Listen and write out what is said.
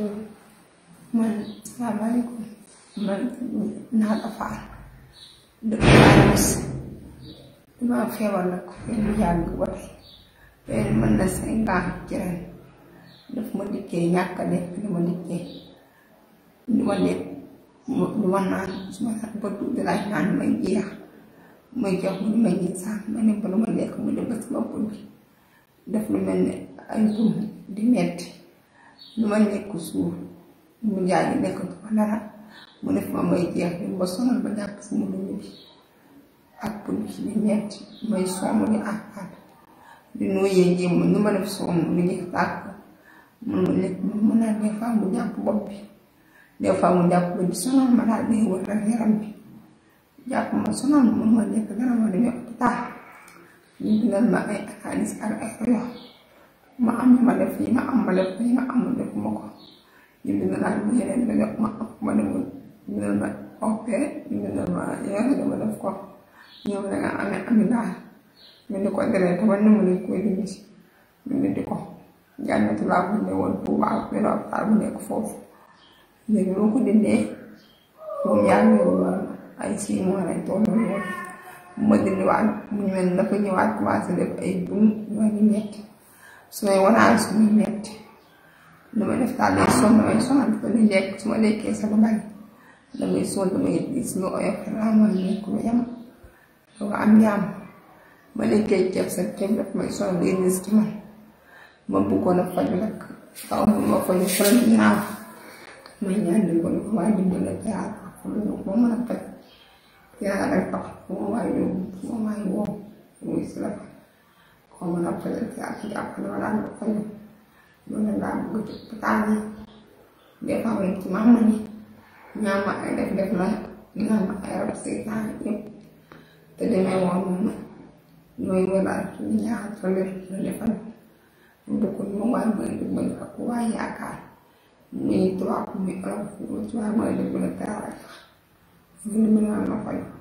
to man salaam aleykum man naa dafaar dëkk Paris dama feebar nag ma dikkee ñàkk a lekk dikkee duma lekk duma naan su naan ba tuuti laaj naan may jeex may jox mu may ñi sax ma ne ba lu ma lekk mu dem ba si bopp daf lu mel ne ay bum di metti lu ma nekk suuf mu njaay yi nekk du ma dara mu def ma may jeex bi ma sonal jàpp si ak pël ci bi ñett may soomu ni ma def lu ñu jàpp bopp ma daal dee war ak yaram bi jàpp ma sonal mun ma lekk dara ma demee hôpital ñu bindal ma ay akalis ak ay royo ma am ma def yi nga am ma def yi nga amul def ma ko ñu bindal ak ma yeneen ba jox ma ma demul bindal ma OP ñu bindal ma yore dama def ko ñoom la nga amee ami daal ñu di ko deret ba nu mu ne koy dindi ñu bindi ko jànnatu laa ko ne woon Tuuba ak benn hôpital bu nekk foofu léegi moo ko dindee moom yaa ngi woon ay six mois lañ toll woon ma dindi waat mu mel dafa ñëwaat commencé def ay bum yoo ñu metti su may waraal su may metti lu ma def daal ma lekkee sama bari damay sonn damay gis lu oyof raamal lekk lu yam ma lekkee ceeb sa ceeb daf may sonal day gis ci man ma bëggoon a faju nag xaw ma ma faju faral di may ñaan di ko waaye dimbal la jaar ko lu ko faj yaa rek tax ko waaye woo mooy si la ko mën a présenté ak jàppale wala am ko ne loolu laa bëgg taal yi des fois ci maam ma ni ñaam ma ay def def la ma ay rab seytaan yëpp te demee woon moom ñooy walaal ci ñaaxal la defal dëkkul mu waay mooy dëggal ak waay yaakaar muy tubaab muy olof muy tubaab mooy dëggal dara ñu mën a la fay